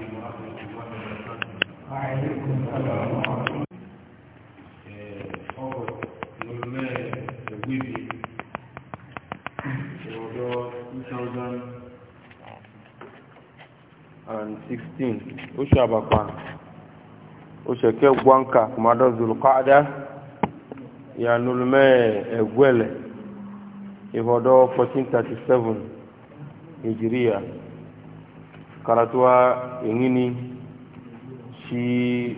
16 oṣù àbàpà oṣù kẹgbọ́ nka kòmádọ́ zulukada ìyànulùmẹ́ ẹ̀gbẹ́lẹ̀ ìhọ́dọ́ 1437 nigeria karatuwa ingini shi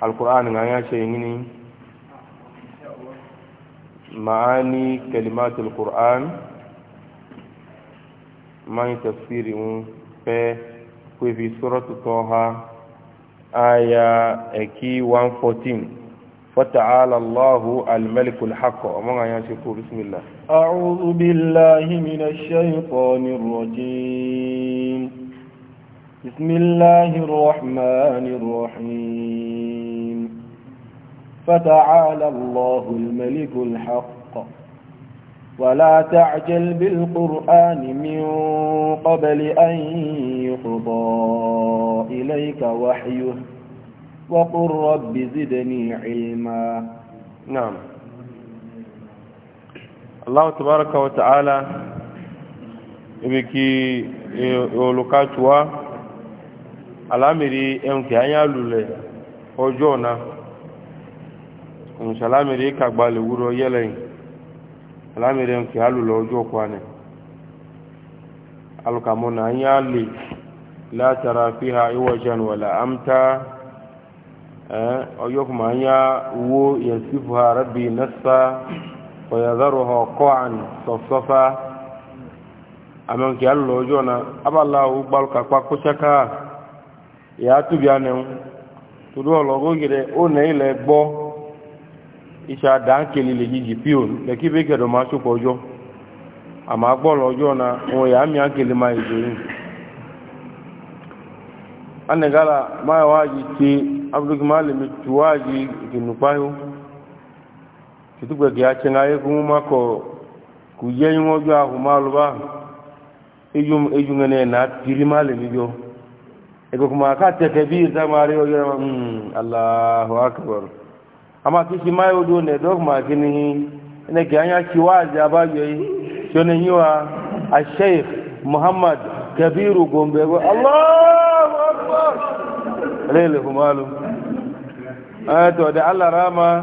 alkur'ani ga ya ce ingini ma'ani kalimatul qur'an mai tafsiri un pe kwefi suratu toha aya eki 114 فتعالى الله الملك الحق ومن يشكو بسم الله أعوذ بالله من الشيطان الرجيم بسم الله الرحمن الرحيم فتعالى الله الملك الحق ولا تعجل بالقرآن من قبل أن يقضى إليك وحيه وقل رب زدني علما نعم الله تبارك وتعالى يقول olukatuwa alámìrí ẹnkì ayálùlẹ̀ ọjọ́ ọ̀nà òmùsà alámìrí kàgbà lè wúrọ yẹ́lẹ̀yìn alámìrí ẹnkì alùlẹ̀ ọjọ́ kwanì alùkàmọ́nà ayálè látara fi ha ìwọ̀jẹun wàlà amta ọjọ́ kùmà ayá wo yẹ̀sífù ha rábì nasa ọ̀yàzárò ha ọkọ̀ àn sọ̀sọ́fà àmì ẹnkì alùlẹ̀ ọjọ́ ọ̀nà abàláwò gbàlùkàpá kó ṣẹ́káà ya tubia ne tudu ologo ngire o ne ile gbo isa dan keli le jiji pio le ki be kedo ma supo ojo ama gbo lojo na o ya mi akele ma ijo yin anne gala ma waji ti abdul malimi tuwaji kinupayo kitugbe ge ache ngaye kuma ko kuyenyo ojo ahu maluba ejum ejungene na piri malimi jo ego kuma ka te kabir da mari o yara mm allahu akbar ama ki si mayo do ne dog ma kini ne ki anya ki wa ja ba yi shone yiwa a sheikh muhammad kabir gombe go allahu akbar lele humalu eh to da allah rama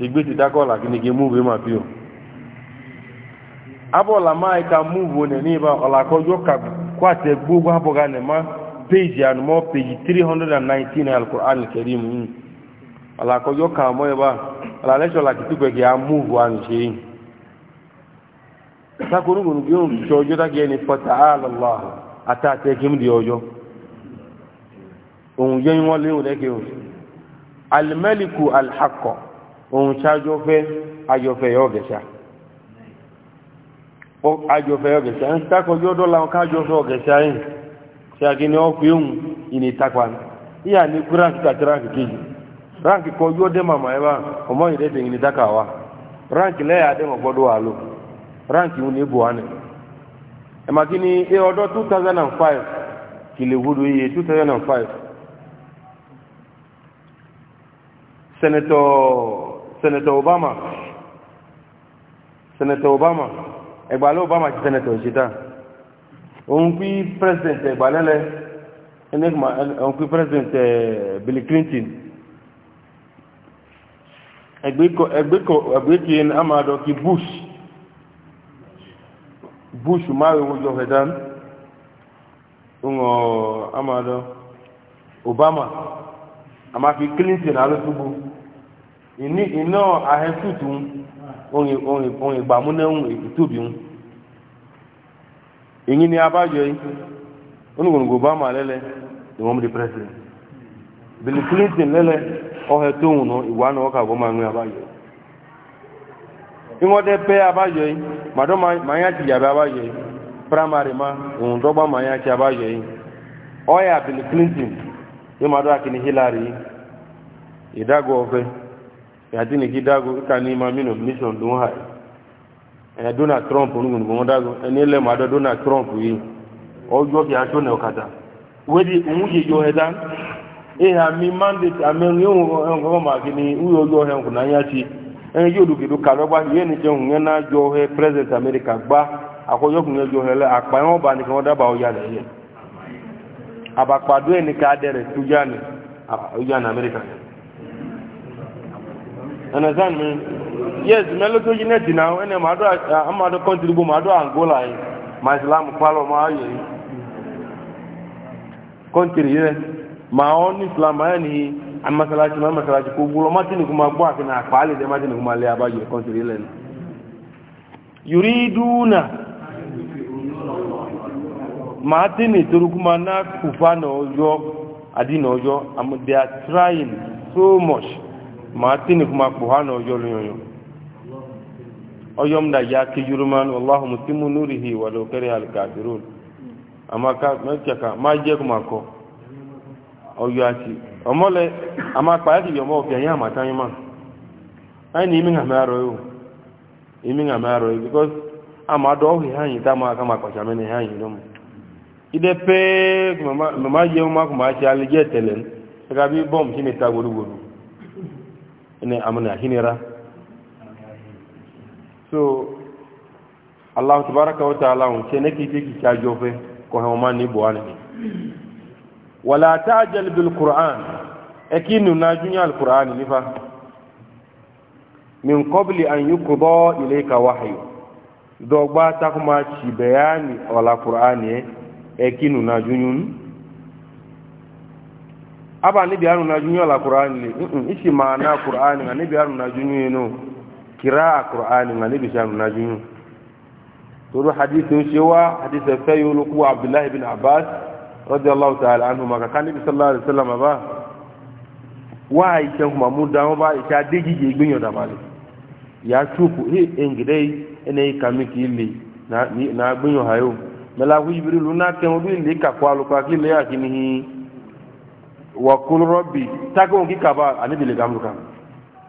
ṣègbè ti dákọ̀lá kí ni kí múùbù máa fi o abọ́ọ̀là máa ka múùbù nẹ̀ ní ibà ọ̀làkọ́jọ́ kó àtẹ gbogbo abọ́ga 319 alukur'an kẹrin mu ọ̀làkọ́jọ́ kà mọ́ ibà ọ̀làlẹ́sọ̀ làkìtìpẹ̀ kì á múùbù àmì ṣe kim di ohun tí ajọ́fẹ́ ajọ́fẹ́ yọ gẹ̀ṣà ajọ́fẹ́ yọ gẹ̀ṣà ń takọjú ọdọ́ láwọn kájọ́fẹ́ ọgẹ̀ṣà yìí tí a gini ọkùn ohun ìní takwa ìyà ní kú ránkì àti ránkì kejì ránkì kọjú ọdẹ màmá ẹwà ọmọ ìrẹ́dẹ̀ ìní takawa ránkì lẹ́yà adẹ́mọ̀ gbọ́dọ̀ wà ló ránkì ń ní buhari ẹ̀mà kí ni ẹ ọdọ́ 2005 kìlèwúdo iye five. senator senator obama senator obama ẹgbàlẹ́ obama ti senator ṣetá òun pí president ẹgbàlẹ́lẹ́ enigma òun pí president eh, bill clinton ẹgbẹ́kì ẹni amadọ kí bush bush márùn ún jọ fẹ̀dá ń ọ amadọ obama àmàfi clinton alótúgbò ini ino ahesutu ohun onye onye gbamune itubi inyi ni abajo yi onugun ma lele the woman the president clinton lele ohe to uno iwa na oka go ma nwe abajo inwode pe abajo yi ma un dogba manya ti abajo oya bill clinton imado akini hillary yàtìní kí dágo kíkà ní ma mí nomination ló ń hà ẹ̀ e, donald trump onígun gbọ́n e, dágo ẹni ẹlẹ́mọ adọ́ donald trump yìí ọjọ́ kí aṣọ nà ọ̀kadà wẹ́dí òun yìí yọ ẹ̀dá ìhà mi mandate àmẹ́rin yóò hàn fún ọmọ àfi ní wíwọ yọ ẹ̀ kùnà yá sí ẹni yóò dùkìdù kàlọ́ gbá yóò ní jẹun yẹn náà jọ ẹ president america gbá àkọyọkùn yẹn jọ ẹ lẹ àpá ẹ̀ wọ́n bá nìkan wọ́n dábàá ọ̀yà rẹ̀ yẹn àbàpàdé ẹnìkan adẹ̀rẹ̀ tó yá ní amẹ́ríkà understand me yes melo to yine dina ene ma do ama do country bo ma do angola yi eh? ma islam kwalo ma aye eh? country ye ma on islam ani eh, an masalaci ma masalaci ko gulo ma tini kuma gwa kana kwale de ma tini kuma le abaje country le yuriduna ma tini turu kuma na kufa na ojo adi na ojo am they are trying so much ma tini kuma kpuhana ojolu yoyo oyom da ya ki juruman wallahu mutimu nurihi wa law kariha al kafirun ama ka mecha ka ma je kuma ko oyo ati omole ama pa ti yo mo ke yan ma tan yin ma ai ni mi ngama ro yo imi ngama yo because ama do hi han yin ta ma ka ma ko cha me ni han ide pe ma mama je ma kuma cha le je telen ka bi bom ti ni ta goru ina amna hinira so allah tabaraka wa ta'ala on ce nake je ki ka jofe ko ha ma ni bo ani wala ta'jal bil qur'an akinu e na junya al qur'an ni fa min qabli an yuqda ilayka wahyu dogba ta kuma ci bayani wala qur'ani e akinu na junyun aba ni biyanu na junyo la qur'ani ni ishi maana qur'ani ni biyanu na junyo no kira qur'ani ni biyanu na junyo turu hadithu shiwa hadithu sayyulu ku abdullah ibn abbas radiyallahu ta'ala anhu ma kan nabi sallallahu alaihi wasallam ba wa ike kuma mu ba ike adiji je gbenyo da male ya chuku he engidei ene kamiki ili na na gbenyo hayo mela ku jibrilu na ke odu ile ka kwa lu kwa kile akinihi wa kulu rabbi takun ki kaba anibi le gamru kam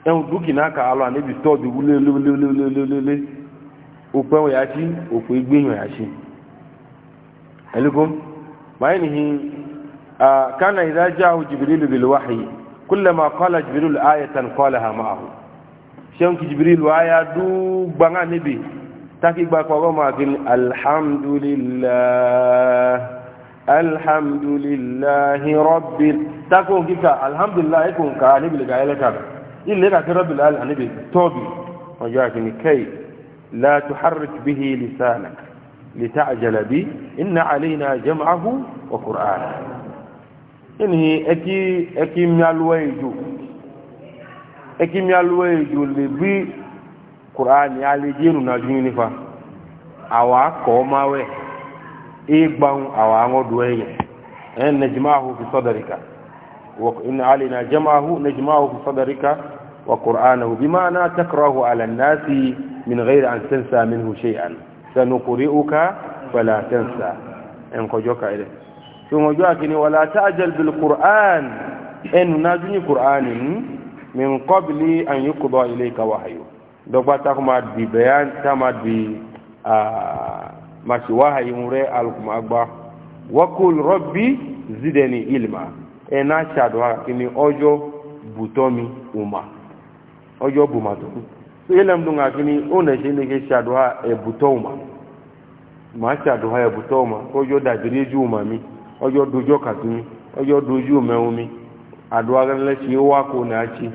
en duki na ka alo anibi to bi wule wule wule wule ope o ya ti ope igbeyan ya ti elukum bayanihi kana idha ja'u jibril bil wahyi kullama qala jibril ayatan qalaha ma'ahu shen ki jibril wa ya du gbanga nibi taki gba ko ma kin alhamdulillah alhamdulillahi rabbil tako gika alhamdulillah ikun ka ni bil ga ilaka illa ka ta rabbil alamin bi tobi wa yakini kai la tuharrik bihi lisanak litajala bi inna alaina jam'ahu wa qur'ana inhi eki eki mialweju eki mialweju le bi qur'ani alejinu na juni fa awa ko mawe إيقبان أو عمود دوية أن نجمعه في صدرك وإن علينا جمعه نجمعه في صدرك وقرآنه بمعنى تكره على الناس من غير أن تنسى منه شيئا سنقرئك فلا تنسى إن قجوك إليه ثم جاكني ولا تعجل بالقرآن إن ناجني قرآن من قبل أن يقضى إليك وحيه دوبا ما ببيان تمت ب آه maki wahayi mure alkuma agba wakul rabbi zidani ilma ena ha kini ojo butomi uma ojo bumato so ilam dunga kini na ona shinde ke shadwa e butoma ma ha e butoma ojo dajiri juma mi ojo dojo katumi ojo doju meumi adwa ganle chi wa ko na chi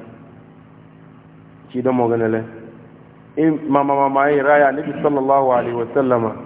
chi do mo ganle e mama mama e raya nabi sallallahu alaihi wasallama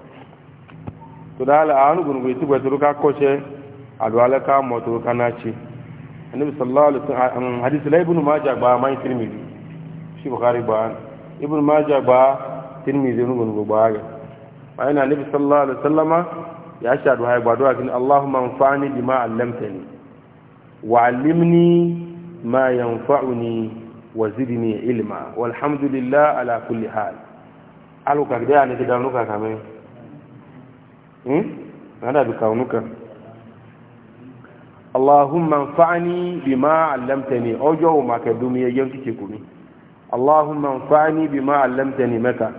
todala anu gun witi gwe turuka koce adwala ka moto kana ci annabi sallallahu alaihi wasallam um, hadith la ibn majah ba mai tirmidhi shi bukhari ba ibn majah ba tirmidhi gun go ba ga bayan annabi sallallahu alaihi wasallama ya sha duha ba duha kin allahumma anfa'ni bima 'allamtani wa 'allimni ma yanfa'uni wa zidni ilma walhamdulillah ala هذا بكونك اللهم انفعني بما علمتني اوجو ما كدومي يجنك تكوني اللهم انفعني بما علمتني متى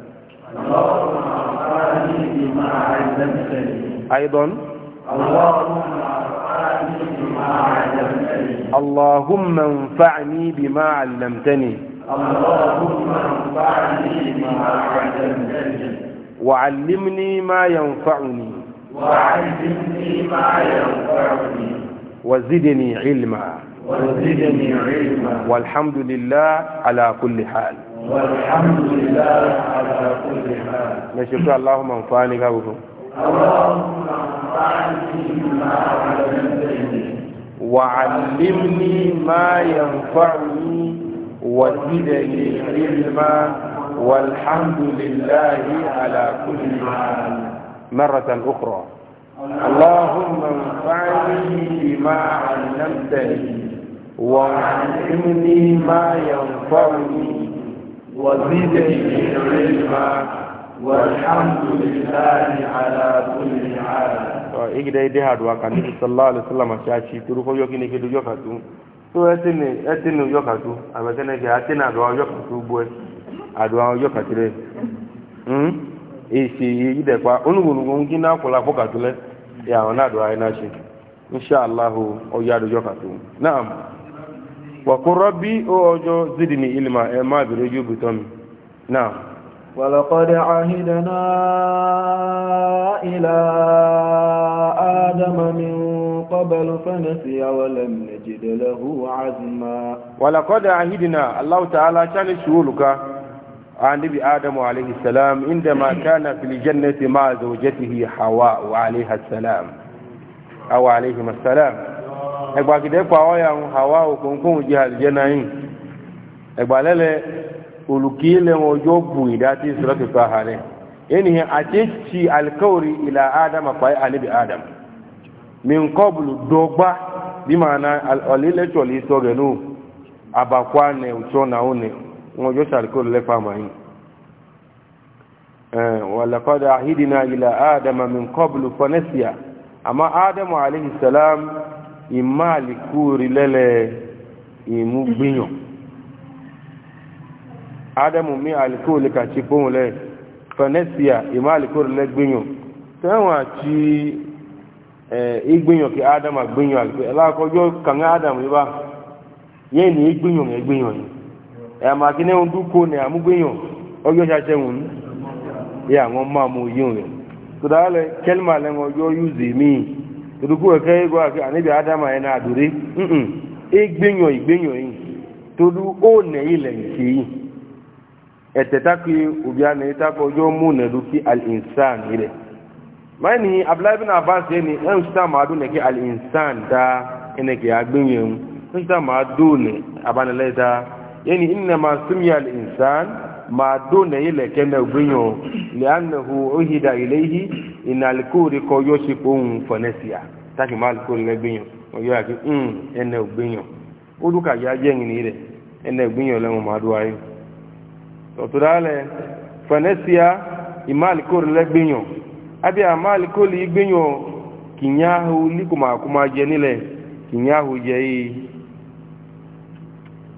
اللهم انفعني بما علمتني أيضا اللهم بما علمتني اللهم انفعني بما علمتني اللهم انفعني بما علمتني وعلمني ما ينفعني وعلمني ما ينفعني وزدني علما وزدني علما والحمد لله على كل حال والحمد لله على كل حال نشكر اللهم انفعني فانك اللهم انفعني بما علمتني وعلمني ما ينفعني وزدني علما والحمد لله على كل حال مرة أخرى اللهم انفعني بما علمتني وعلمني ما ينفعني وزدني علما والحمد لله على كل حال igida ide haduwa kan nabi sallallahu alaihi wasallam shachi turu ko yoki ne ke dujo katu to etini etini yoka tu abakene ke atina do yoka tu eh, eh, bo àdúrà ọjọ́ kàkiri hmm? èsì ìdẹ̀pá onígbòmùgbò ń gíná kọlá fọ́kàtúlẹ̀ ẹ̀ àwọn náà àdúrà iná ṣe inṣàláhù ọjọ́ àdójọ́ kàtó náà wàkúrọ́ bí ó ọjọ́ zidni ilma ẹ̀ má bèrè ojú bùtọ́ mi náà. ولقد عهدنا إلى آدم من قبل فنسي ولم نجد له عزما ولقد عهدنا الله تعالى كان شغلك annabi adamu alaihi salam inda ma kana fil jannati ma zawjatihi hawa wa alaiha salam aw alaihi salam egba gide pa o ya hawa o kunkun ji aljanna yin egba lele olukile won ojo bu idati suratu fahare enihi atichi alkauri ila adama fa annabi adam min qablu dogba bi ma'ana al-olile toli sogenu abakwa ne ucho na une wọn yóò ṣàríkò lẹ́fà màáyìn wàlàkọ́dà àhídìnà ilẹ̀ ádámà min kọ́bùlù fọ́nẹ́síà àmá ádámà aléhìsàlám ìmá àlìkúrì lẹ́lẹ̀ ìmúgbìyàn ádámù mi àlìkúrì kàtí fóun lẹ́ fọ́nẹ́síà ìmá àlìkúrì lẹ́gbìyàn tẹ́wọ̀n àti ìgbìyàn kí ádámà gbìyàn àlìkúrì ẹ̀lákọ́jọ́ kàn ádámù yìí bá yẹ́ ni ìgbìyàn ẹ̀gbìyàn yìí ẹ̀mà kí ní ọdún ní àmúgbéyàn ọjọ́ ṣàṣẹ wọn yẹ àwọn máa mú yíò rẹ̀ tó le kẹ́lìmà lẹ́wọ̀n ọjọ́ yúzì míì ìdúkù ẹ̀kẹ́ ìgbọ́ àníbi ádámà ẹ̀ náà dòrí ìgbéyàn ìgbéyàn yìí tó dú ó nẹ̀ ilẹ̀ ìṣe yìí ẹ̀tẹ̀ tákì òbí àná ìtàkọ̀ ọjọ́ mú nẹ̀dúkì al rẹ̀ abbas ni yani inna ma sumiya al ma dona ile na gbinyo li'annahu uhida ilayhi in al-kuri ko yoshi kun fanasiya taki ma al-kuri gbinyo o yo aki mm ene gbinyo o duka ya je ngini re ene gbinyo le ma to le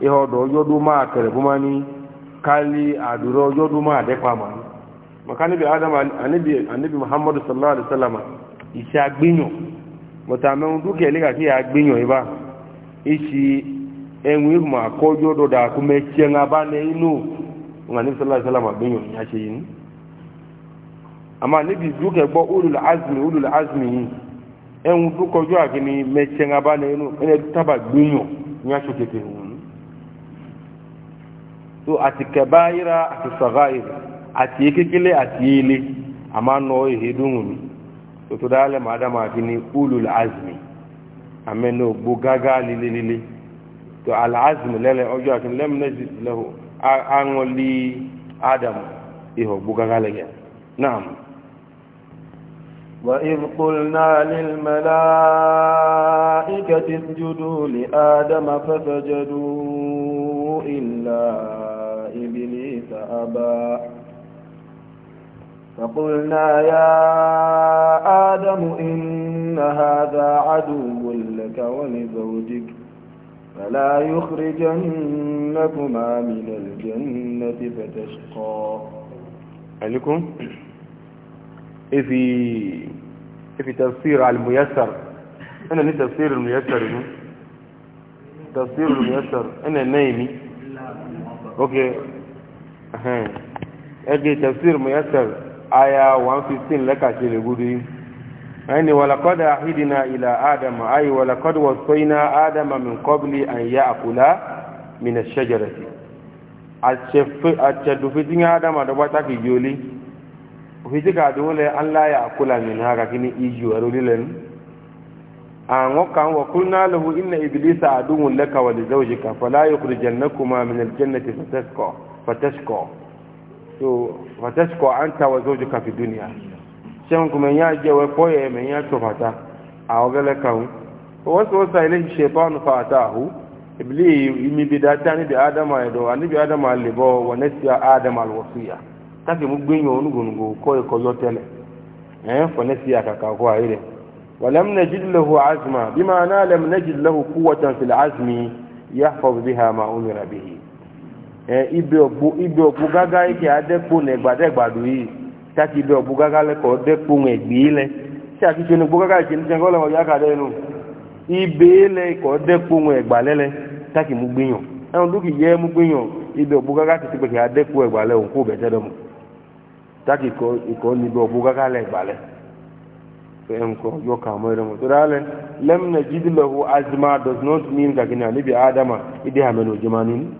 ihe ọdọ ọjọdún máa tẹ̀rẹ̀ fún máa ní kálí àdúrà ọjọdún máa dẹ́pa mà ní adam anibi muhammadu sallallahu alaihi wasallam iṣẹ́ agbíyàn mọ̀tà mẹ́rin dúkìá ilé kàkí agbíyàn ibà iṣi ẹ̀wọ̀n ìgbìmọ̀ àkọ́jọ́ dọ̀dà àkúmẹ́tíẹ́ ń abánẹ́ inú wọn níbi sallallahu alaihi wasallam agbíyàn ní aṣe yìí àmà níbi dúkìá gbọ́ olùlà azmi olùlà azmi yìí ẹ̀wọ̀n dúkọjọ́ àkíní mẹ́tíẹ́ ń abánẹ́ inú ẹni tábà gbíyàn ní aṣọ kékeré wọn so àti kẹbáyìrá àti sàgáyìrá àti kékeré àti ilé a máa nọ ìhè dùnmùn tó tó dáálẹ̀ máa dá máa fi ní ulul azmi àmẹ́nà ògbó gágá lílélílé tó alazmi lẹ́lẹ̀ ọjọ́ àti lẹ́mìnẹ́sì lẹ́hùn àwọn lé adam ihò ògbó gágá lẹ́yìn náà. وإذ قلنا للملائكة اسجدوا لآدم فسجدوا إلا إبليس أبا فقلنا يا آدم إن هذا عدو لك ولزوجك فلا يخرجنكما من الجنة فتشقى عليكم إذي إيه إيه في تفسير على الميسر أنا لي تفسير الميسر تفسير الميسر أنا نايمي okay ẹgbẹ́ tafsir muyasar aya 115 lẹ́kàtí lè gúdú ẹni wàlàkọ́dà àhídìna ìlà ádámà ayé wàlàkọ́dà wọ́sọ́yìnà ádámà min kọ́bìlì àyà àkùlá min ṣẹ́jẹrẹsì àṣẹdùfẹ́tì ádámà dọ́gba tákì yìí ó lé òfin tí kàdùn lẹ́ an láyà àkùlá min ha kàkí ní ìjù ẹ̀rọ lílẹ́nu an kan wa kulna lahu inna iblisa aduwwun laka wa li zawjika fala yukhrijannakuma min al-jannati fatashqa fatashqa so fatashqa anta wa zawjuka fi dunya shan kuma ya je wa koye men ya to fata a wagala kan wasu wasa ilahi shaytanu fa atahu ibli imi bidata ni bi adama do ani bi adama libo wa nasiya adama al-wasiya take mu gbeyan onugo nugo koye koyo tele eh fa nasiya kaka ko ayire ولم نجد له عزما بمعنى لم نجد له قوة في العزم يحفظ بها ما أمر به ibi ọ̀pù gágá ike adẹ́kù na yìí sáàkì ibi ọ̀pù gágá lẹ́kọ̀ọ́ dẹ́kù ẹ̀gbì ilẹ̀ sáàkì tó ní gbọ́gágá ìṣẹ́ ní ṣẹ́gbọ́ lọ́wọ́ yákàdẹ́ inú ibi ilẹ̀ ikọ̀ dẹ́kù ẹ̀gbàlẹ́lẹ́ sáàkì mú gbìyàn ẹ̀hùn mú gbìyàn ibi gágá ti òǹkó ikọ̀ ibi gágá ko yo kamo da mutu dale lam najid lahu azma does not mean ga gina ni bi adama ide ha menu jimanin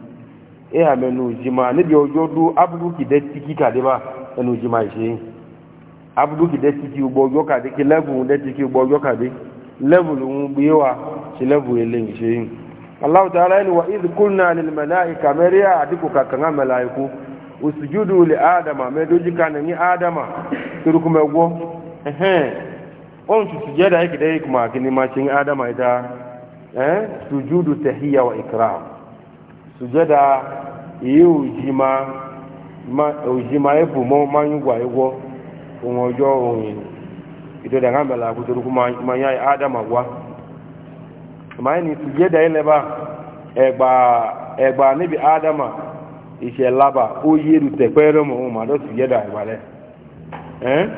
e ha menu jimani bi ojo du abdu ki de tiki ka de ba enu jimai she abdu ki de tiki ubo yo ka de ki level de tiki ubo yo ka de level un biwa shi level elin she Allah ta'ala ni wa id qulna lil malaika mariya adiku ka kan malaiku usjudu li adama me doji kana ni adama turku me go ehe on su sujada yake dai kuma kini ma cin adama ita eh sujudu tahiyya wa ikram sujada yiwu jima ma ojima ebu mo ma nyugwa igwo ohun ojo ohun ito da ngambala kuturu kuma ma ya adama wa ma ni sujada ile ba egba egba ni bi adama ise laba o yeru tepere mo ma do sujada igbale eh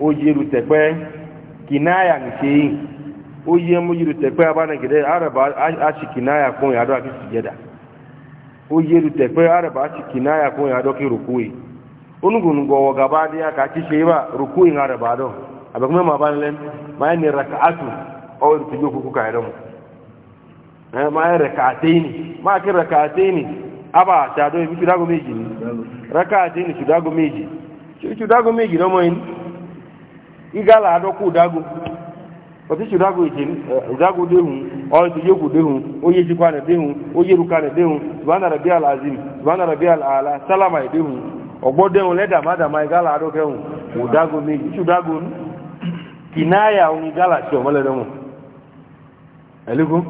o yeru tepere kinaya nke yi ó yẹ mú yìí tẹ̀pẹ́ abánagidẹ́ a aṣì kinaya fún kinaya fún ìyàdọ́ kí rùkú yìí onugunugọ wọ̀gàbá ní aka ṣíṣe ibà rùkú yìí arẹ̀bá dọ̀ àbẹ̀kúnmẹ́ máa bá ń lẹ́n máa ní rakaatu ọwọ́ ìrù tìjú kúkú ká ẹ̀rọ mu máa ń rakaatẹ́ni máa kí rakaatẹ́ni abà àṣàdọ́ ibi tùdágọ́ méjì ni igala adọkwa ụdago ọtụtụ ụdago ijem ụdago dehun ọtụ dehun onye jikwa na dehun onye ruka na dehun subhana rabbi al azim subhana ala salama e dehun ọgbọ dehun lẹda madama igala adọkwa ehun ụdago meji tụ ụdago kinaya ohun igala tí ọmọ lẹdọ mọ ẹlẹgùn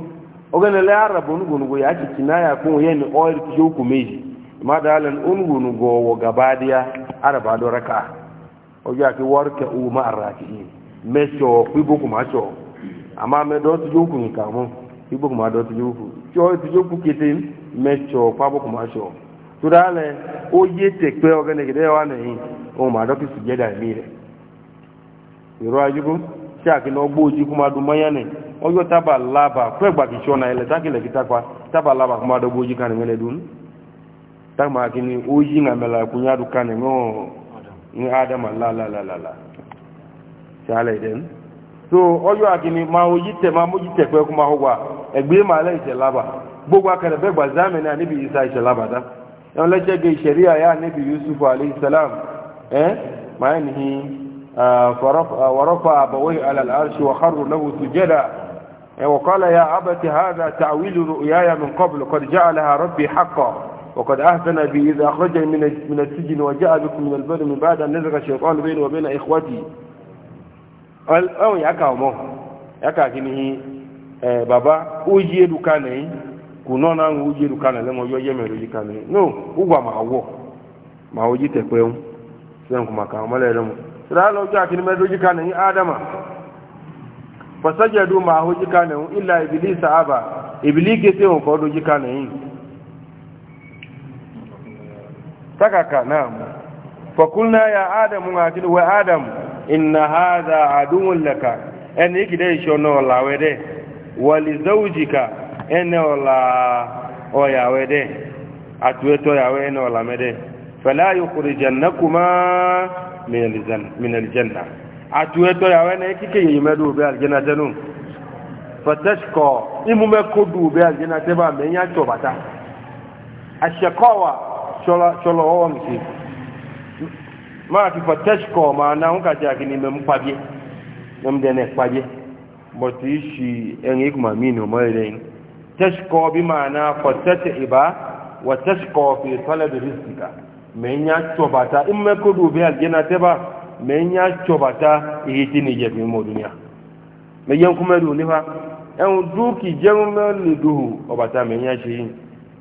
kinaya ọjọ́ àti wọ́ọ̀rùkẹ́ owó máa rà kì í mẹ́tsọ̀ pípókù máa tsọ̀ àmọ́ amẹ́dọ́ tijó kù nìkan mọ́ pípókù máa dọ́ tijó kù tsọ́ tijó kù kété mẹ́tsọ̀ pápókù máa tsọ̀ tóra lẹ ó yé tẹ̀pẹ́ ọ̀gẹ́nẹ̀gẹ́dẹ́ wa nìyí ohun máa dọ́kì sùn jẹ́dà mí rẹ̀ ìró ajúgbó tí àkínà ọgbó ojú kó máa dùn mọ́yá nì ọjọ́ tábà lába fún ẹ̀gbà kì í tsọ́ ní adama lálálálá ṣàlẹ̀ ìdẹ́nu so ọjọ́ àkíní máa ó yí tẹ̀ máa mú yí tẹ̀ pé kó máa ó wà ẹgbẹ́ máa lẹ́ ìṣẹ̀lába gbogbo akẹ́rẹ̀ bẹ́ẹ̀ gbà zámẹ́ni àníbi ìsa ìṣẹ̀lába dá ẹ̀wọ̀n lẹ́jẹ́gẹ́ ìṣẹ̀rí àyà àníbi yusuf aleyhisselam ẹ́ máa ń hi wọ́rọ́fà àbọ̀wé alàlárṣi wà hàrù lọ́wọ́ sùjẹ́dà ẹ̀wọ̀kọ́lẹ̀ ya abẹ́tẹ̀ hàdà tàwílù rùyáyà mi kọ́bùlù kọ́dìjà وقد أحسن بي إذا أخرجني من السجن وجاء بكم من البر من بعد أن نزغ الشيطان بينه وبين إخوتي قال أو يكا مو يكا كنه بابا أوجي دكاني كنونا أوجي دكاني لما يوجي من رجي كاني نو أوبا ما هو ما هو جيت كويم سيان كما ما لهم ترى لو جاء كنه من رجي كاني آدم فسجدوا ما هو جي كاني إلا إبليس أبا إبليس كتير وقعدوا جي كاني sakaka na'am fa ya adam ngatin wa adam inna hadha aduwwun laka en yiki dai shono la wede wa li zawjika en la o ya wede atweto ya we no la mede fala yukhrijannakuma min aljanna min aljanna atweto ya we ne kike yimedu be aljanna tanu fatashqa imume kodu be aljanna teba me nya chobata ashqawa chola cholo onti ma ti fatashko ma na un ka jaki ni mem paje mem dene but ishi en ikma mino maire tashko bi ma'ana fatata iba wa tashko fi talab rizqika men ya chobata in me ko dubi aljana te ba chobata yiti ni je bi mo dunya me du ni fa en du ki du obata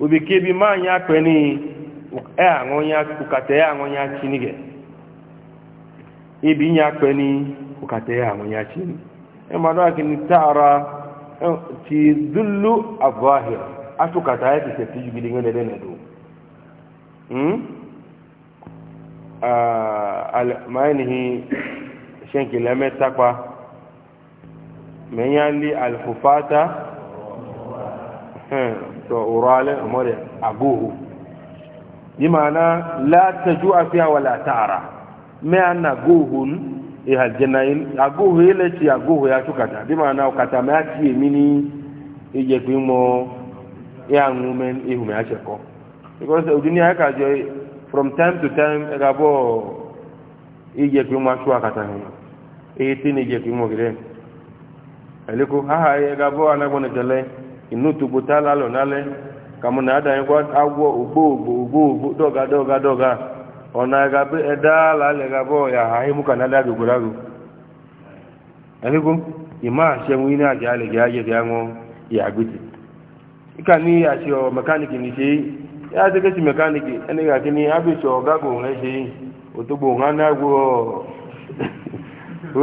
obi bi ma nya kpeni e aŋɔ nya kukata e aŋɔ nya ibi e gɛ nya kpeni kukata e aŋɔ nya tsini ema akini taara e ti dulu avahir atu kata ayi tete ti jugidi ŋa do al to urale amore aguhu bimana la tajua fiha wala tara me ana guhun e aljanna in aguhu ile ti aguhu ya tukata bimana ukata ma ti emini ije pe mo e anu acheko because dunia ka jo from time to time e ga bo ije pe mo asu akata ni e ti ni ije pe mo gire eliko haha e ga bo anagbon jale inutubuta lalo nale kamu na agwo ugbo ugbo ugbo ona ga be edala le ga bo ya ha imu kana da gurago ima se mu ina ja le ga je ga ngo ya gbiti ika ni ase o ni ya ke si mechanic ene ga kini abi so ga o we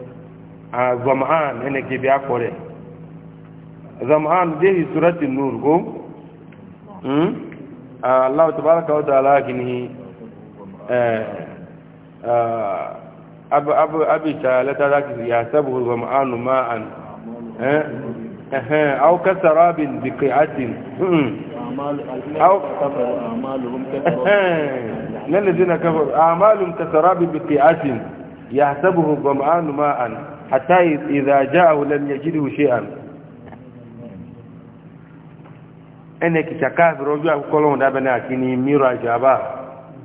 a zama'an ene ke biya kore zama'an dai suratul nur ko hmm Allah tabaraka wa ta'ala kini eh abu abu abi ta la taraki ya sabu zama'an ma'an eh eh aw kasarabin biqi'atin aw a'maluhum kasarabin alladhina kafaru a'maluhum kasarabin biqi'atin yahsabuhu zama'an ma'an حتى إذا جاءه لم يجده شيئا ene kichakazi rojo akukolo na miro ajaba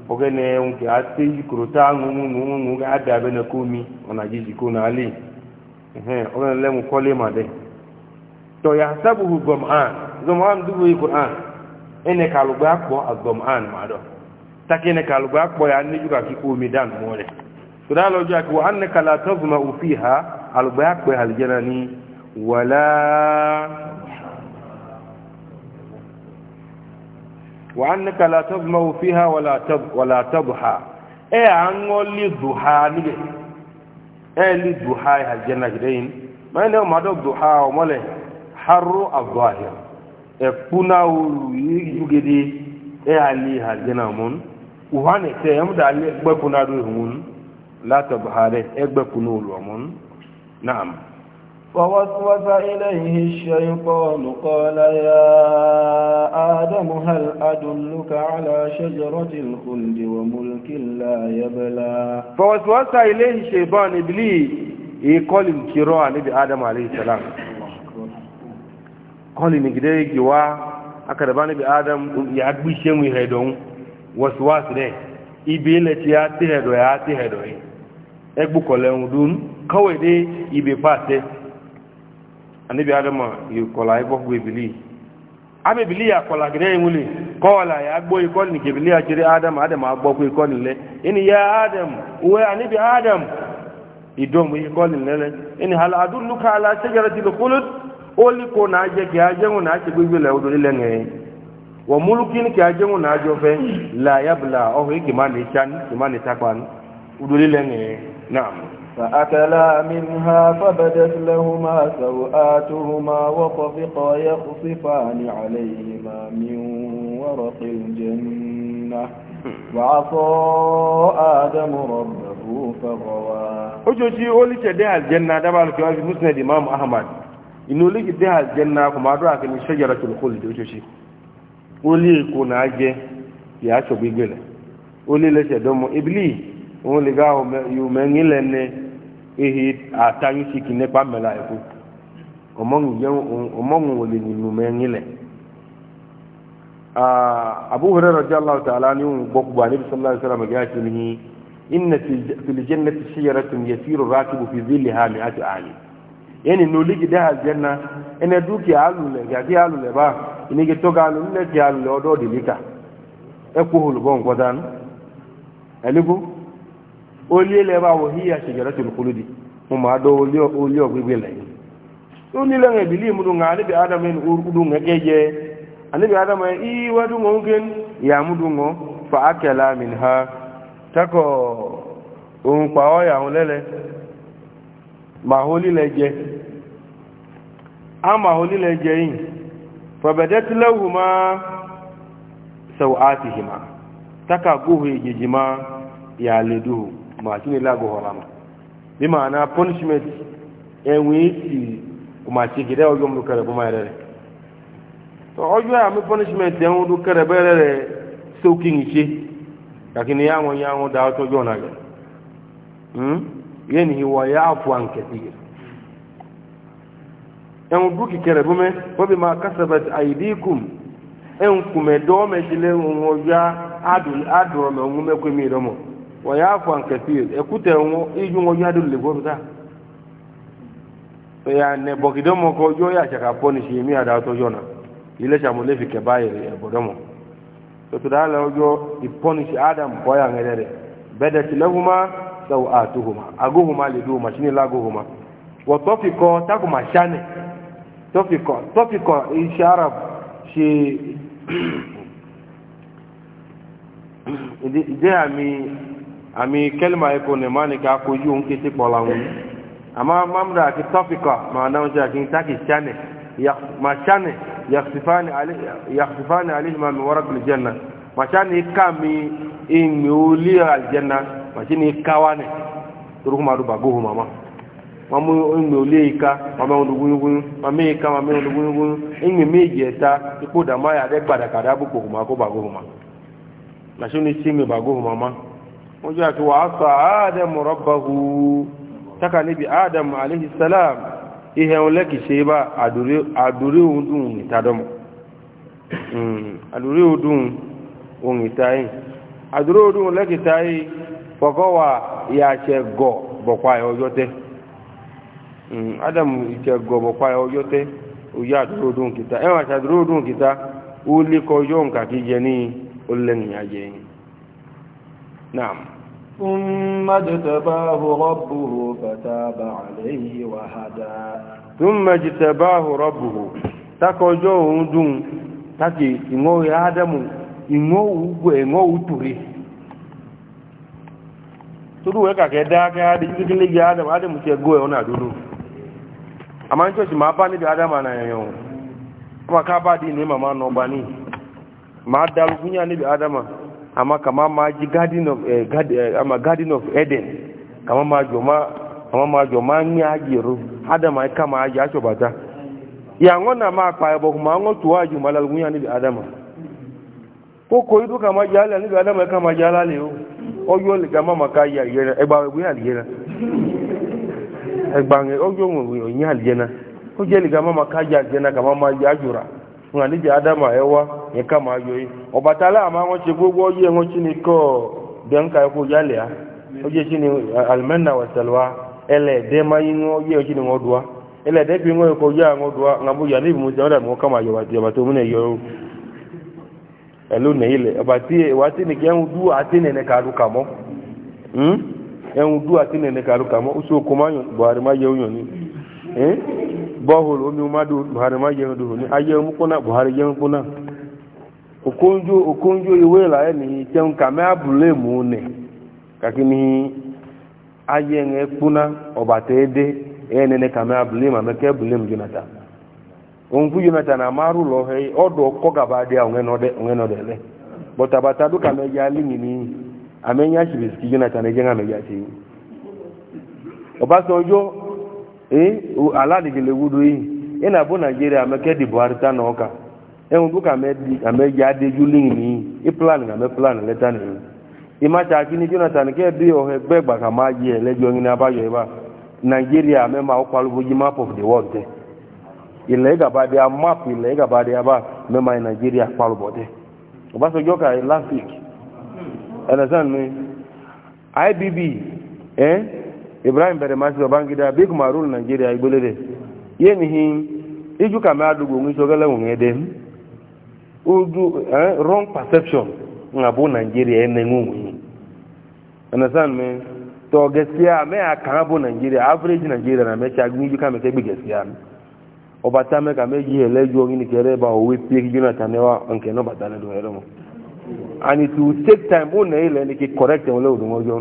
ogene unke ati kuruta ngungu ngungu ngungu adabe na kumi onajiji kuna ali ehe ogene lemu kole made to an dubu qur'an ene kalugba ko azum'an mado takene kalugba ko ya niju ka dan mole tuna lọ́jọ́ àti wọ́n annaka la tazma òfin ha alùgbàpẹ̀ àlìjẹ́nà ni wàlá wọ́n annaka la tazma òfin ha wàlá tabha ẹ à ń wọ́n lè dùhà níbẹ̀ ẹ lè dùhà àlìjẹ́nà jìdẹ́yìn mẹ́rin náà mọ́tò dùhà ọmọlẹ̀ harro àgbàhìr ẹ̀kúnà òru yìí gidi ẹ àlè àlìjẹ́nà mọ́n wọ́n á nẹ̀ ẹ̀ ń dà lẹ́gbẹ́kúnà rẹ̀ mọ́n látọ̀bàárẹ̀ ẹgbẹ̀kùnú olùọ̀mún náà فوسوس إليه الشيطان قال يا آدم هل أدلك على شجرة الخلد وملك لا يبلى فوسوس إليه الشيطان إبليس يقول الكراء نبي آدم عليه السلام قال نجدي جوا أكربان نبي آدم يعقب شيء ويهدون وسواس نه إبليس ياتي هدو ياتي هدو, ياتي هدو. egbukọlẹ̀hùn dún kọwẹ̀ dé ibè pàṣẹ anibi adama ìkọlà ẹgbọ́gbọ́ ìbìlì abìbìlì àkọlà gẹ̀rẹ́ ìwúlẹ̀ ya gbọ́ ikọ́ ní kèbìlì àjírí adama adama agbọ́gbọ́ ikọ́ ya adam adam ìdọ́mù ikọ́ nílẹ̀ ẹni aládùnlùkà aláṣẹ́gẹ̀rẹ́ ti lùkúlù ó نعم فأكلا منها فبدت لهما سوآتهما وطفقا يخصفان عليهما من ورق الجنة hmm. وعصى آدم ربه فغوى ojoji oli ce dai aljanna da ba alkiwa fi musnad imam ahmad inu liki dai aljanna kuma do akan shajaratul khuld ojoji oli ko na je ya so bigbele oli le ce don mu iblis òun lè ga yòmẹ́ni lẹ́nẹ́ ehe àtàyè sìkì nípa mẹ́la ẹ̀kọ́ ọmọ́nù wòlè ní yòmẹ́ni lẹ̀ abúhùrẹ́ rọ̀já aláwọ̀ tààlà ní òun gbọ́ gbogbo àníbi sọ́lá ìṣẹ́lá mẹ́gà ṣe ní inna filijan na tashiyar tun ya siro rakibu fi zili ha mi ati ali yani no ligi da aljanna ene duki alu le ga di alu le ba ini ge to ga alu le di alu le odo dilika e ko hulu bon godan eligu olie lebe awụ hi ya chigara tụrụkwuru di ụmụ adọ oli ọgbigbe la onile nwe bili mụrụ nga anịbi adam urudu nwe ke je anịbi adam iwe du nwe ngen ya mụdu nwe fa akela min ha tako ohun pa ọ ya lele ma holile je ama holi holile je yin fa badat lahuma sawatihima taka guhu yejima ya leduhu ma e kí e hmm? ni lágò ọ̀la e ma bí na punishment ẹ̀wìn ìtì kùmà ṣègìdẹ́ ọjọ́ mi kẹrẹ̀ bó máa rẹ̀ punishment ẹ̀wọ̀n ló kẹrẹ̀ bẹ́ẹ̀ rẹ̀ sókè nìṣe kàkí ni yáwọn yáwọn dá hi jọ̀ọ́nà ya yẹ́nì ìwà yá àfọ̀ ويعفو عن كثير اكوتا ايجو مو يادو اللي بوردا يعني بوكيدومو كو جو يا شكا بونشي مي ادا تو جونا ile cha mulefi kebaye ya bodomo so tudala ojo iponish adam boya ngelere bada tilahuma sawatuhuma aguhuma liduma chini laguhuma wa tofiko takuma shane tofiko tofiko ishara shi ide ami ami kelma eko ne mani ka ko yu unki ti pola un ama mamra ki tafika ma na unja ki taki chane ya ma chane yakhsifani ali yakhsifani alayhi ma min waraq al janna ma chane kami in yuli al janna ma chine kawane turu ma du bago mama mamu in yuli ka mama undu gungun mama ka mama undu gungun in mi meje ta iko da ma ya de gbadakada bu ko ma ko bago mama na shuni simi bago mama wọ́n jẹ́ àti wàásà ádámù rọ́bàhù taka níbi ádámù aléhìsálàm ihẹun lẹ́kìṣẹ́ bá àdúrí òdùn ìtàdọ́mọ̀ àdúrí òdùn ohun ìtàyìn àdúrí òdùn lẹ́kìtàyìn fọ́kọ́wà ìyàṣẹ́ gọ̀ bọ̀páyọ̀ ọjọ́ tẹ́ hmm, ádámù ìṣẹ́ gọ̀ bọ̀páyọ̀ ọjọ́ tẹ́ òyí àdúrí òdùn kìta ẹwà àṣàdúrí òdùn kìta ó lékọjọ́ nǹkan kí jẹ ní ó lẹ́nìyàn yìí náà ثم اجتباه ربه فتاب عليه وهدى ثم اجتباه ربه تكوجو دون تكي إنو آدم إنو إنو تري tolu wɛ kakɛ daa kɛ adi titi kele yi adamu adamu ma ba ne bi adamu ana yɛn k'a ba di ma ma nɔ ba ni ma kunya adama amma kama ma garden of eh, garden, eh, ama garden of eden kama ma jo ma ama ma jo ma ni ajiru adama kama aji aso bata ya ngona ma pa ebo kuma ngo tuwa ju malal gunya ni adama ko ko kama jala ni adama kama jala leo. o oyo le kama maka ya yera e ba gunya le yera oyo ngo gunya le yera o le kama maka ya kama ma ya jura fún àníjẹ́ adama ẹwà nìkan máa yọ yìí ọ̀bàtálá àmà wọn ṣe gbogbo ọyẹ́ wọn ṣí ni kọ́ bẹ́ǹkà ẹkọ yálẹ̀ á ó jẹ́ ṣí ni alimẹ́nà wẹ̀sẹ̀lwá ẹlẹ́ẹ̀dẹ́ máa yí wọn yẹ́ ṣí ni wọn dùá ẹlẹ́ẹ̀dẹ́ pé wọn ẹkọ yá wọn dùá ńgbó yà ní ìbùmọ̀ sẹ́wọ́n dàbí wọn kà máa yọ bàtà tó múnẹ̀ yọ ẹlò nìyílẹ̀ ọ̀bàtí wàá tí nìkẹ́ ẹ̀hún dú àti nìyẹn dú àti nìyẹn kàdú kàmọ́ ó sì okùn máa yọ buhari ó bọ́ọ̀hùl omi umadu buhari ma jẹun dùn ní ayé ń buhari jẹun kúnná okonjo okonjo ìwé ìlà ẹ̀ ní jẹun kàmẹ́ abúlé mú nẹ̀ kàkí ní ayé ń kúnná ọ̀bàtẹ́ dé ẹ̀ nẹ́nẹ́ kàmẹ́ abúlé abúlé jonata òun fún jonata náà lọ gàba dé àwọn jonata ee ala adịghịla ewudo iyi ị na-abụ naijiria meke dị buhari ta na ọka enwegbu ka ameji adịju lin n'iyi ịplan na ameplan leta na iwu ịmacha akini jonathan ke ebe ọha egbe gba ka ma ji eleji onye na-abayọ ebe a naijiria amema ji map of the world te Ile ilẹ̀ ìgàbàdìá map Ile ilẹ̀ ìgàbàdìá bá mẹ́ma ní nàìjíríà palùbọ̀dẹ́ ọbásanjọ́ ka last week ẹ̀nẹ̀sán mi ibb ẹ́ eh? ibrahim bẹ̀rẹ̀ máa ṣe babangida big maru nigeria igbélére yé ni hin ijú kàmí àdúgbò ń ṣọgẹ́lẹ̀ wọ̀n ẹ̀dẹ́ ojú wrong perception ń àbó nigeria ẹ̀ nẹ́ngún wọ̀nyí understand me tọ́ gẹ̀síà mẹ́à kàn ábò nigeria average nigeria náà mẹ́ṣẹ́ agbóhùn ijú kàmí kẹ́gbẹ́ gẹ̀síà ọba tá mẹ́ka méjì ẹlẹ́jọ́ yín ni kẹrẹ́ bá òwe pé kí jọ́nà tán wa nkẹ́ náà bàtà lẹ́dọ̀ ẹ̀rọ mọ́ and it will take time ó nà ilẹ̀ ni kí correct ẹ̀ wọ́n lẹ́wọ̀n lọ́jọ́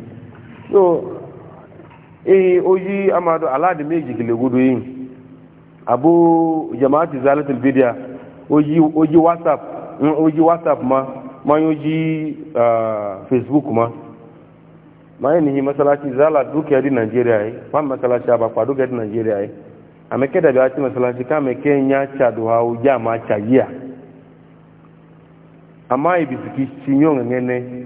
so eh oyi amado aladi meji gile gudu yin abu jama'ati zalatul bidia oyi oyi whatsapp mm, oyi whatsapp ma ma yoji facebook ma ma yin ni masalaci zala dukiya di nigeria yi ma masalaci abakwa dukiya di nigeria yi a meke da biya ci masalaci ka meke nya chadu ha uja ma chayiya amma ibisiki cinyon ngene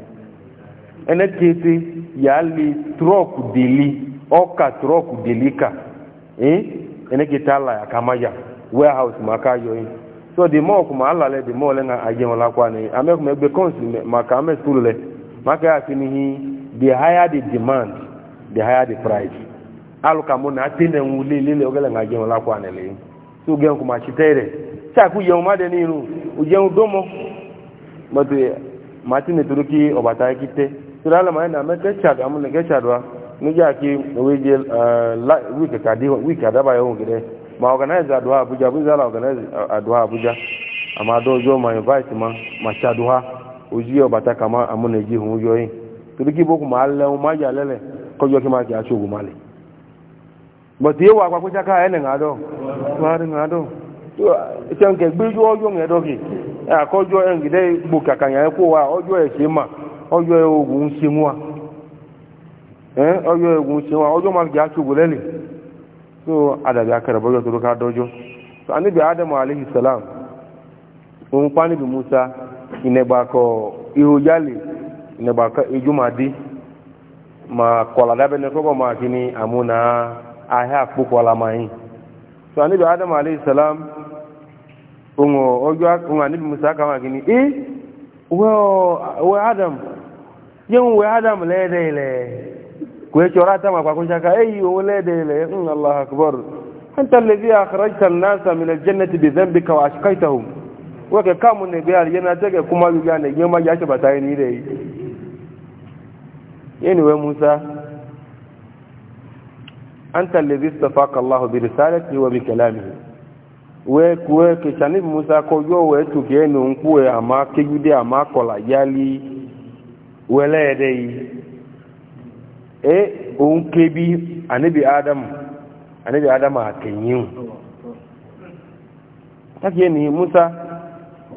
ene kete ya li deli ọka trok deli ka eh ene kete ala ya kama ya warehouse maka yoyin eh. so the more kuma ala le the more le na aje wọn lakwa ni amekum egbe ka maka ame school le maka ya fi nihi the higher the demand the higher the price aluka mo na ate na enwu lele le ogele na aje wọn lakwa ni le so gen kuma chitere chaku yeun ma de ni irun o jeun domo mọtò màtí nítorí kí ọbàtà kí tẹ́ sirala mai na mai amu da amuna gacha da ni ja ki weje eh, week ka di week da ba yawon gide ma organize adwa abuja bu zala organize eh, adwa abuja amma do jo ma invite ma ma cha duha oji yo bata kama amuna ji hun yo yin turiki boku ma le ma ja lele ko yo ki ma ki aso ma le but ye wa kwa ko chaka ene ngado wa ri ngado to chan ke gbe jo yo ngedo ki akojo engide bu kakanya e ko wa ojo e ma ọjọ́ ogun ṣe mú wa ọjọ́ ogun ṣe wá ọjọ́ máa gbà ṣògbò lẹ́nì tó àdàbí akẹrẹ̀bọ́jọ́ tó ká dọ́jọ́ tó adamu alayhi salam òun pa níbi musa ìnẹ̀gbàkọ̀ ìhòjálè ìnẹ̀gbàkọ̀ ìjùmọ̀dé ma kọ̀là dábẹ́ni kọ́kọ́ máa kí ni àmúna ahẹ́ àpòkọ̀ alamáyìn tó anábì adamu alayhi salam òun ọjọ́ òun anábì musa kàmáà kí ni ẹ́ wẹ́ọ̀ adamu yin we adam lede le ku e chora ta ma kwa kun shaka ayi o lede le in hmm, allah akbar anta alladhi akhrajta an-nasa min al-jannati bi dhanbika wa ashqaytahum wa ka kamu ne bi aljanna take kuma yu ga ne yema ya ce batai ni dai yani we musa anta alladhi istafaka allah bi risalatihi wa bi kalamihi we ku e ke musa ko yo we tu ke nu ku e ama ke yude ama kola wẹlẹ́ ẹ̀dẹ́ yìí e òun ké bí anábì adamu anábì adamu àtẹ̀yìn tákìyẹ ni musa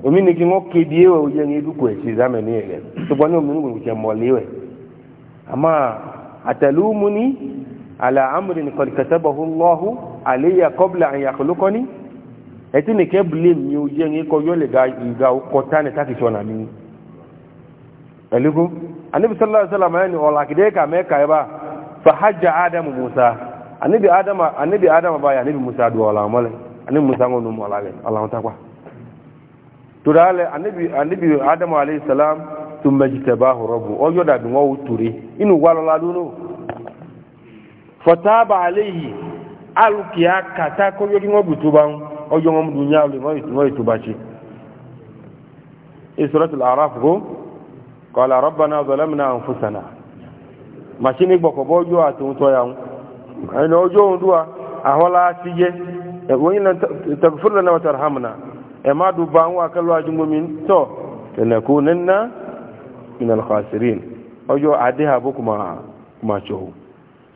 omi ni kí wọ́n ké bí ẹwà òye ní dúkọ̀ ẹ̀sì ni ní ẹ̀rẹ̀ ni ní òmìnir kò jẹ́ mọ̀lẹ́wẹ̀ àmà àtẹ̀lúmu ní àlà amúrí ní kọ̀lìkẹ̀tẹ́bọ̀ lọ́hù àléyà kọ́bìlà àyàkọ̀lókọ́ ní ẹtí nìkẹ́ bìlẹ̀ mi ò jẹ́ ní kọ́ yọ́lẹ̀ ga ìgbà ọkọ̀ tánẹ̀ tákìsọ̀nà mi ni. aliku anabi sallallahu alaihi wasallam yani wala kide ka ba fa hajja adam musa anabi adam anabi ba ya musa do wala mole anabi musa ngonu allah ta kwa turale anabi anabi adam kọla na zọlẹ́mìnà àǹfùsànà màṣínì gbọ̀kọ̀bọ̀ ojú àtúntọ́ yà ń ẹni ojú òun dúwà àhọ́lá sí jẹ́ ẹ̀wọ́n yìí tẹ̀kùfúrú lẹ́nà wọ́tà na ẹ̀ má dùbà ń wà kẹlú ajúmọ́mi tọ́ tẹ̀lẹ̀kú nínà ìnà lọ́kàṣírín ojú àdé àbú kùmà tsòwò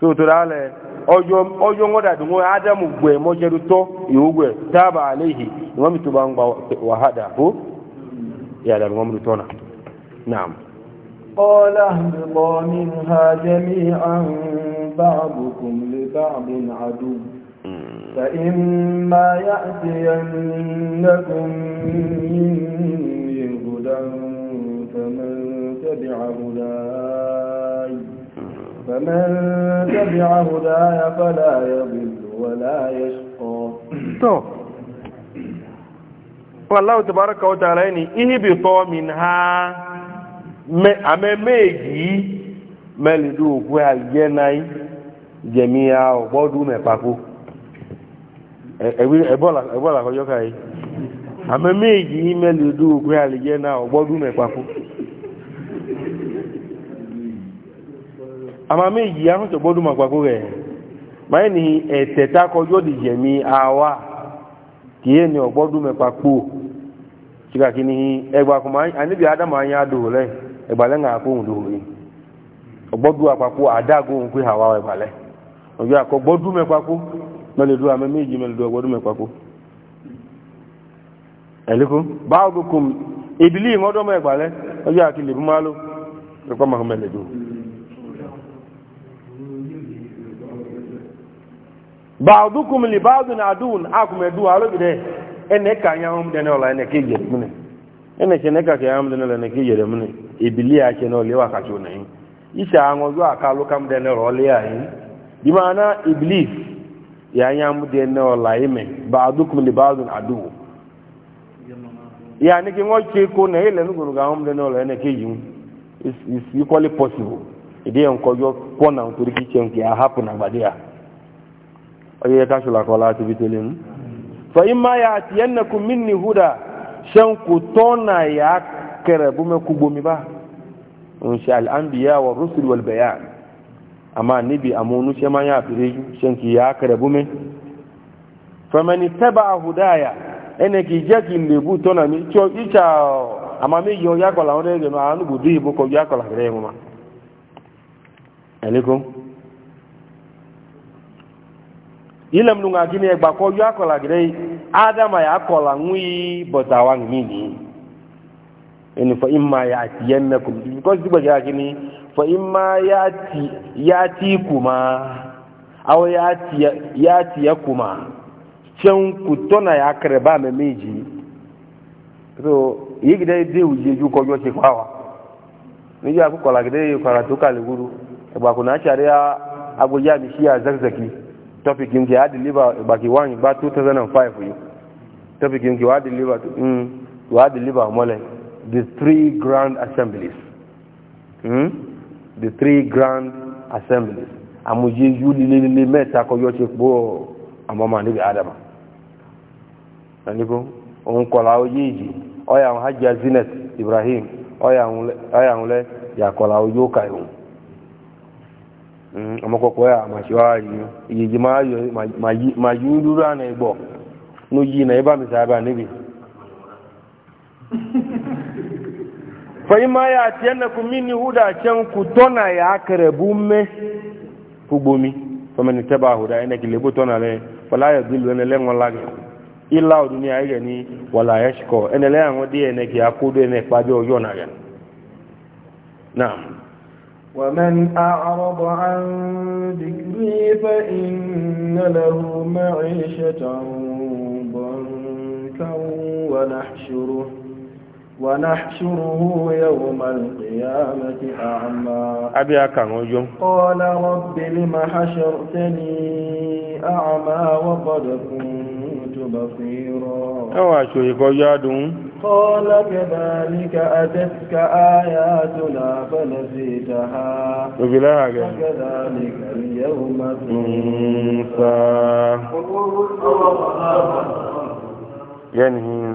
so tó dálẹ̀ ojú ń wọ́dà قال اهبطا منها جميعا بعضكم لبعض عدو فإما يأتينكم مني هدى فمن تبع هداي فمن تبع هداي فلا يضل ولا يشقى والله تبارك وتعالى إهبطا منها ame meegi meli do oku ayɛ nai jɛmia ɔgbɔdu mɛ kpako e, ɛbɔla ɛbɔla kɔjɔ ka yi ame meegi meli do oku ayɛ na ɔgbɔdu mɛ kpako ama meegi ahotɔ gbɔdu mɛ kpako yɛ mayi ni ɛtɛta kɔjɔ di jɛmia wa kìí ni ɔgbɔdu mɛ kpako sikakini ɛgba kuma anibi adamu anyi adu lɛ. ìgbàlẹ́ ńà kó ń lòó yìí ọgbọ́dú àpapọ̀ àdáàgó ń pè àwa ìgbàlẹ́ ọjọ́ àkọ́ gbọ́dú mẹ́pàkó mẹ́lẹ̀dú àmẹ́ méjì mẹ́lẹ̀dú ọgbọ́dú mẹ́pàkó ẹ̀lẹ́kọ́ báwọ̀dùkùn ụmụ ìmọ́dọ́mọ́ ìgbàlẹ́ ọjọ́ àti lè fún máàlú ẹ̀kọ́ máa mẹ́lẹ̀dú báwọ̀dùkùn lè báwọ̀dùn àdúhùn àkùnmẹ̀dú àlọ́gìdẹ́ ẹnẹ́kà ebili ake ke na olewa kacha unayi isha anwụ zuwa aka alụka m ọlị ya yi di na iblis ya anya ọla ime ba adukum ya ko na ile ga na ọla ke yi is equally possible ide ya nkojo kwọ na ntori kiche nke ya hapụ na gbadi ya oye ka shula kola ti bitele mu fa imma ya atiyannakum minni huda shan kɛra bome ku gbomi ba n se al'ambiya wa rusul wal bayan amma nibi amonu se ma ya fere ju ṣe ki ya kɛra bome famani taba hudaya ene k'i je k'i lebu tɔna mi ama o de no anu bu du ibo kɔ yakɔla kɛrɛ yɛ ma alaikum ilam lu adama in fa imma ya'tiyannakum because duba ga kini fa imma ya'ti ya'ti kuma aw ya'ti ya'ti yakuma can ku tona ya karba me meji so yigi dai de uje ju ko yo se kwawa ni ya ku kola gide kwara to kale guru e ba kuna sharia agoya mi shi zakzaki topic yin a deliver ba ki wani ba 2005 yi topic yin ki wa deliver mm wa deliver mole the three grand assemblies. Hmm? The three grand assemblies. yú mẹ́ta ti pọ̀ níbi Adama. òun oyé ọ̀yà àwọn Ibrahim, ọ̀yà àwọn oyé Ọmọkọ̀kọ̀ yìí, máa lúrú àná yìí ẹ bá fa ma ya tiyanna ku mini huda can ku tona ya karabu me ku gomi fa taba huda ina ki tona le wala ya dilu ne le ngol lage illa ya ya ye ni ya yashko ene le an odi ene ki akudo ene na gan na'am ونحشره يوم القيامة أعمى أبي يوم. قال رب لم حشرتني أعمى وقد كنت بصيرا أواشي قياد قال كذلك أتتك آياتنا فنسيتها وكذلك اليوم تنسى ينهي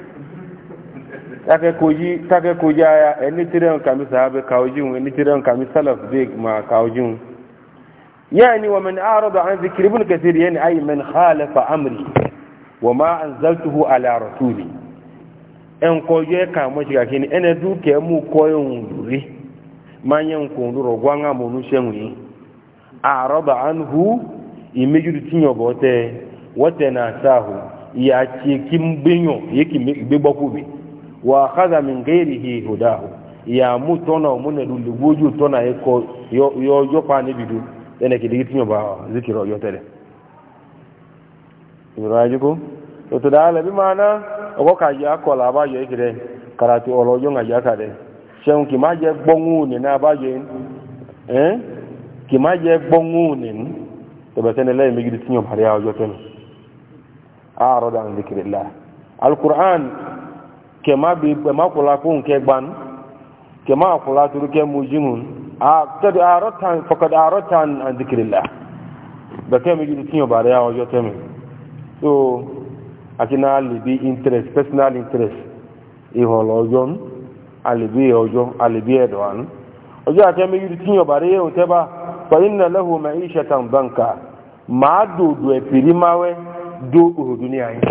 take koji take koja ya eni tiren kami sahabe kawjun eni tiren kami salaf big ma kawjun yani wa man arada an zikri ibn kathir yani ay man khalafa amri wa ma anzaltuhu ala rasuli en koje ka mo shiga kini ene duke mu koyun ri manyen ko nduro gwanga mo nu shenwi arada anhu imejudu tinyo bote wote na sahu ya chi kimbinyo yeki gbegbokubi wa akhadha min ghairihi hudahu ya mu tona mu ne du tona e yo yo pa ni bidu ene ki digi tinyo zikiro yo tele ibrajugo to to dala bi mana ogo ka ya ko la ba yo ikire karatu olojo nga ya ka seun ki ma gbongu ni na ba je eh ki ma gbongu ni to be tene le mi gidi tinyo ba ya yo tele a'rada an zikrillah alquran kema bi kema kula kun ke gban kema kula turu ke mujinun a kad aratan faqad aratan an dhikrillah da ke mi gidi tinyo bare yawo yo temi so akina alibi interest personal interest i holo jon alibi ojo alibi edwan ojo ate mi gidi tinyo bare yo teba fa inna lahu ma'ishatan banka ma do do e pirimawe do o duniya yin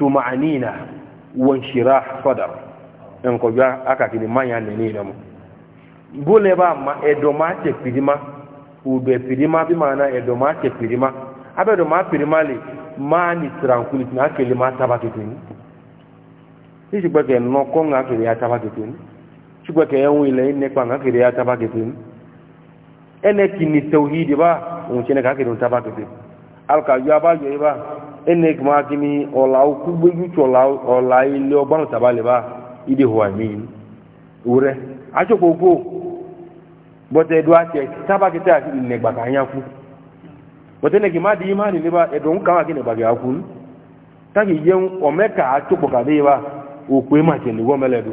tumanina wanshirah sadar en ko ja aka kini manya ne ni namu gole ba ma edoma te pidima ube pidima bi mana edoma te pidima abe do ma pidima le ma ni tranquility na kele ma tabaki tuni ni sigbe ke no ko nga kele ya tabaki tuni sigbe ke enwe ile ne pa nga kele ya tabaki tuni ene kini tauhidi ba un chene ka kele tabaki tuni alka ya ba yo ba enek ma kini ọla ukwu gbegbuchu ọla ile ọgbanụ tabaliba ide huamin ure achọkwa okwu bọta edu edo nka nwa gị negba gị akwu ka ka dị ba ma chene gwa meledu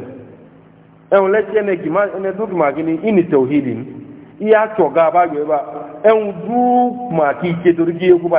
enwele chi ene kima ene du kima gịnị ini tauhidin ihe ga ma ka ike toru gị ekwu ba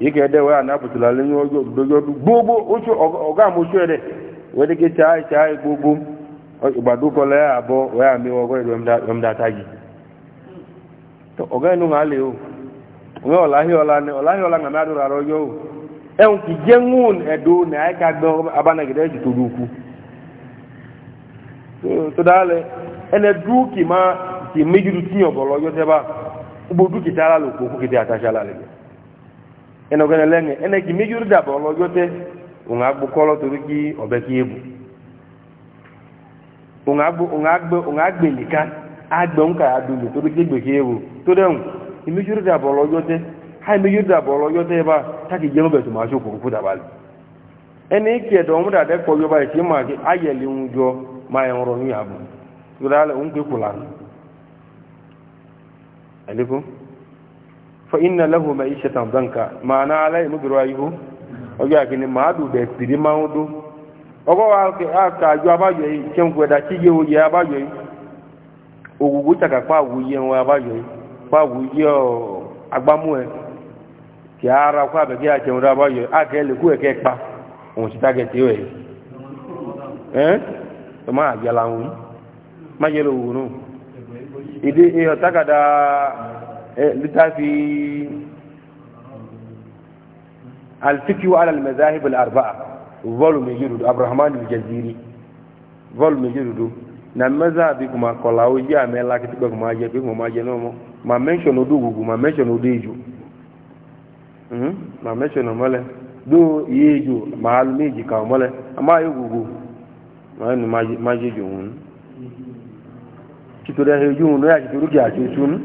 ike ede wee anapụtala nye oge obodo gbogbo ọga ede wee chaa chaa gbogbo ya abụọ wee amịwa ọgọ gị alị o onye ọlahịa ọla ne ọlahịa ọla na mmadụ rara ọjọọ o ẹ̀hùn kì jẹ́ ń ẹ̀dọ́ ní àyíká gbọ́n abánagidẹ́ jù tó lókù ẹnìkan lẹ́nu ẹnìkì méjìlú dàbọ̀ ọlọ́jọ́ tẹ òun àgbo kọ́lọ́ torí kí ọ̀bẹ kí ebu òun àgbo nìkan torí kí gbè kí tó dẹ́hùn dàbọ̀ ọlọ́jọ́ háì dàbọ̀ ọlọ́jọ́ bá tó máa ṣó kòkó ẹni ẹ̀dọ̀ ọmú dàdẹ́ kọ yọba ìṣe máa kí ayẹ̀lẹ̀ ń jọ máa ní àbọ̀ tó fa inna lahu ma'ishatan danka maana ala imudro ayihu ojo akini maadu de pidi maudu ogo wa ke aka jo abajo yi kem ko da chije wo ye abajo yi ogugu taka pa wu ye wo abajo yi pa wu ye o agbamu e ki ara kwa be ki ache wo abajo yi aka ele ku e ke pa won ti target yo e eh ma ajala wu ma jelo wu no ide e takada littafi alfikiyu alal mazahib al-arba'a volume jirudu abrahman al-jaziri volume jirudu na mazhabi kuma kola oji amela kitigba kuma aje pe kuma aje nomo ma mention odu gugu ma mention odu eju mhm ma mention omole do yeju ma alu meji ka omole ama ayo gugu ma ni ma je ju hun kitori eju hun no ya kitori ki ajo tun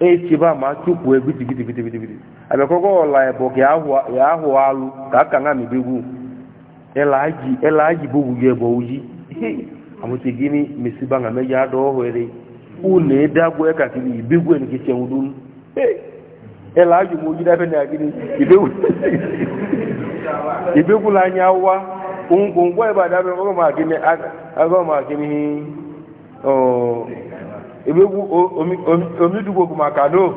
echiba ma chukwu egwu tigidigidigidi abịakọgọ ọla bụ ka ahụ alụ ka aka nga mebegwu elaji bụgwu gị ebe oyi gịnị mesiba nga meji ada ọhụrụ unu edagwe ka kiri nke chenwudu elaji m oyi dabe na gịnị ibegwula anya ebe adabe ọ ebegwu omidugbo bụ maka no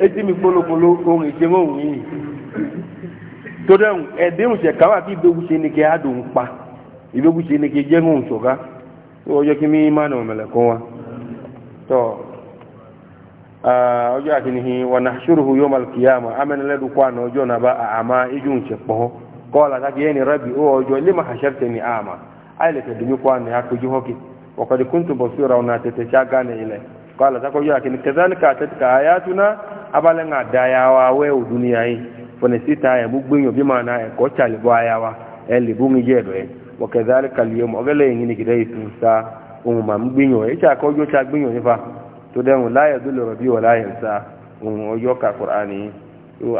etimi kpolokpolo ohun ìṣẹ́wọ́ òun yìí tó dẹ́hùn ẹ̀dẹ́hùn ṣẹ̀ káwà kí ìbégwu ṣe ní kí á dùn pa ìbégwu ṣe ní kí jẹ́ ohun ṣọ̀gá tó ọjọ́ kí mímí kan wa na ọjọ́ àkínní wọn náà ṣòrohu yóò máa la àmà amẹ́nilẹ́dù kọ́ àná ọjọ́ náà bá àmà ijú ṣe pọ̀ kọ́ ọ̀là káàkiri ẹni rẹ́bì ó ọjọ́ وقد كنت بصيرا وناتتشا غاني إليه قال تقول لكن كذلك أتتك آياتنا أبالنا داياوا ويو دنياي فنسيتا يبقبين بمعنى كوشا لبواياوا اللي بومي جيرو وكذلك اليوم أغلى ينيني كده يسنسا وما مبينيو إيشا كوجو شا بينيو نفا تدعو لا يدل ربي ولا ينسى وما أجوك القرآن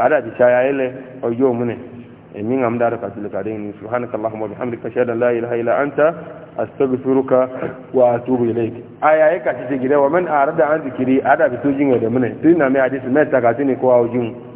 أدى تشايا إليه أجو منه من أمدارك أسلك عليهم سبحانك اللهم وبحمدك أشهد أن لا إله إلا أنت أستغفرك وأتوب إليك آية هيك تجري ومن أعرض عن ذكري أدب سجن ودمنه تنا مع حديث ما تكاتني كواوجون